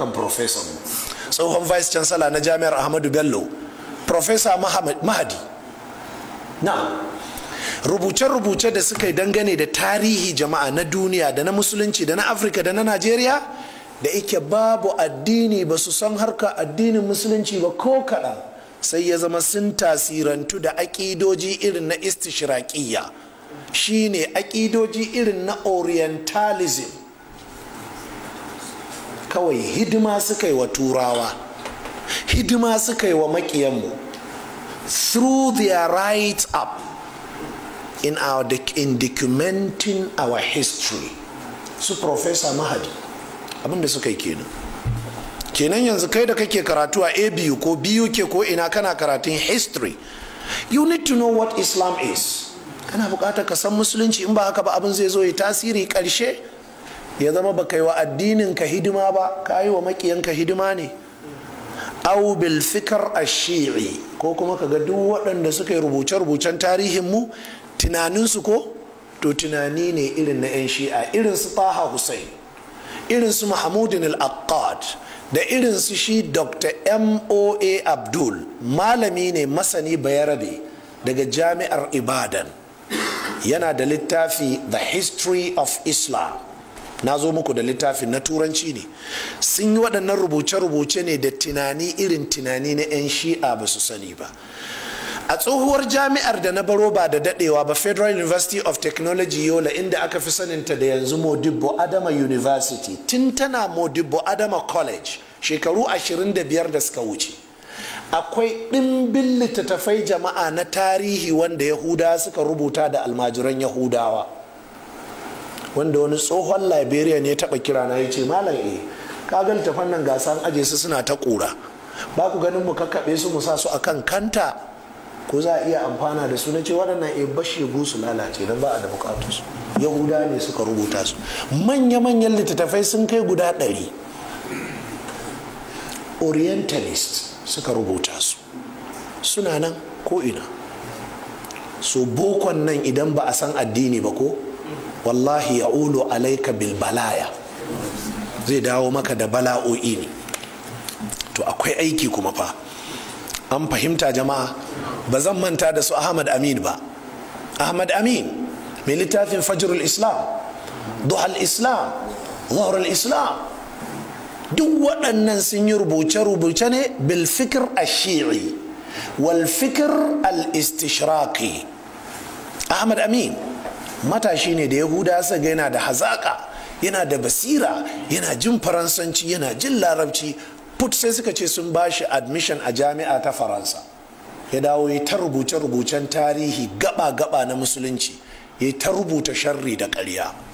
ɗaukan professor mu tsohon vice chancellor na jami'ar ahmadu bello Profesa mahadi na rubuce-rubuce da suka yi dangane da tarihi jama'a na duniya da na musulunci da na afirka da na najeriya da ike babu addini ba su san harka addinin musulunci ba ko kaɗan sai ya zama sun tasirantu da aƙidoji irin na istishraƙiyya shine aƙidoji irin na orientalism kawai hidima suka yi wa turawa hidima suka yi wa makiyanmu through their right up in our in documenting our history su professor mahadi abinda suka yi kenan kenan yanzu kai da kake karatu a abu ko biyu ke ko ina kana karatun history you need to know what islam is kana bukatar ka san musulunci in ba haka ba abin zai zo ya tasiri karshe ya zama baka yi wa addinin ka hidima ba ka yi wa makiyanka hidima ne au bil fikar ashiri ko kuma ka ga duk waɗanda suka yi rubuce-rubucen tarihin mu tunaninsu ko to tunani ne irin na 'yan shi'a irin su taha hussein irin su mahamudin al-aqad da irin su shi dr moa abdul malami ne masani bayarabe daga jami'ar ibadan yana da littafi the history of islam na zo muku da littafin na turanci ne sun yi waɗannan rubuce-rubuce ne da tunani irin tunani na 'yan shi'a ba su sani ba a tsohuwar jami'ar da na baro ba da daɗewa ba federal university of technology yola inda aka fi saninta da yanzu modibbo adama university tun tana modibbo adama college shekaru 25 da suka wuce akwai ɗimbin littattafai jama'a na tarihi wanda yahudawa suka rubuta da almajiran yahudawa wanda wani tsohon liberia ne ya taba kira na ya ce malam eh kaga littafan nan gasa aje su suna ta kura ba ku ganin mu kakkaɓe su mu sa su akan kanta ko za a iya amfana da su na ce waɗannan eh bashi su lalace don ba a da bukatu su yahuda ne suka rubuta su manya-manyan littattafai sun kai guda ɗari orientalist suka rubuta su suna nan ko ina so bokon nan idan ba a san addini ba ko wallahi ya'ulu alaika bil balaya zai dawo maka da bala'o'i ne to akwai aiki kuma fa an fahimta jama'a ba zan manta da su ahmad amin ba ahmad amin mai littafin fajrul islam duhal islam zuhrul islam duk waɗannan sun yi rubuce-rubuce ne bil fikir shi'i wal fikir al-istishraqi ahmad amin matashi ne da yahuda ya ga yana da hazaka yana da basira yana jin faransanci yana jin larabci put sai suka ce sun ba shi admission a jami'a ta faransa ya dawo ya ta rubuce-rubucen tarihi gaba-gaba na musulunci ya ta rubuta sharri da ƙarya